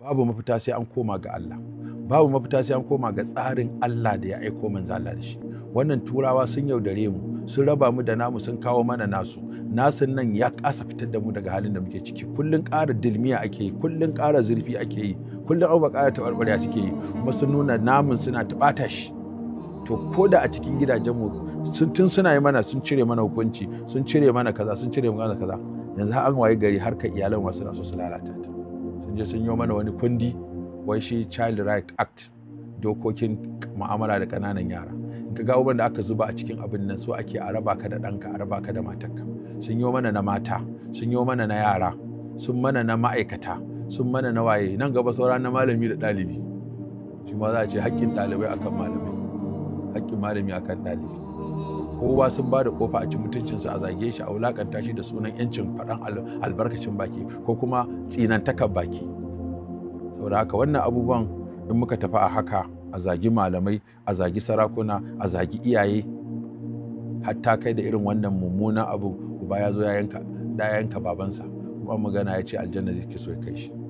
babu mafita sai an koma ga Allah babu mafita sai an koma ga tsarin Allah da ya aiko manzo Allah da shi wannan turawa sun yaudare mu sun raba mu da namu sun kawo mana nasu nasun nan ya kasa fitar da mu daga halin da muke ciki kullun ƙara dilmiya ake yi kullun ƙara zurfi ake yi kullun abubuwa ƙara taɓarɓarya suke yi kuma sun nuna namun suna taɓata shi to ko da a cikin gidajenmu sun tun suna yi mana sun cire mana hukunci sun cire mana kaza sun cire mana kaza yanzu har an waye gari harkar iyalan wasu na so su lalata ta sun je sun yi mana wani kundi wai shi child right act dokokin mu'amala da ƙananan yara in ka gawo da aka zuba a cikin abin nan so ake a raba ka da ɗanka a raba ka da matanka. sun yi mana na mata sun yi mana na yara sun mana na ma'aikata sun mana na waye nan gaba saura na malami da ɗalibi shi ma za a ce haƙƙin ɗalibai akan malami, haƙƙin malami akan ɗalibi kowa sun ba da kofa a ci mutuncinsa a zage shi a wulakanta shi da sunan yancin faɗan albarkacin baki ko kuma tsinantakar baki saboda haka wannan abubuwan in muka tafi a haka a zagi malamai a zagi sarakuna a zagi iyaye hatta kai da irin wannan mummunan abu uba ya zo ya yanka babansa kuma magana ya ce aljanna zai so ya kai shi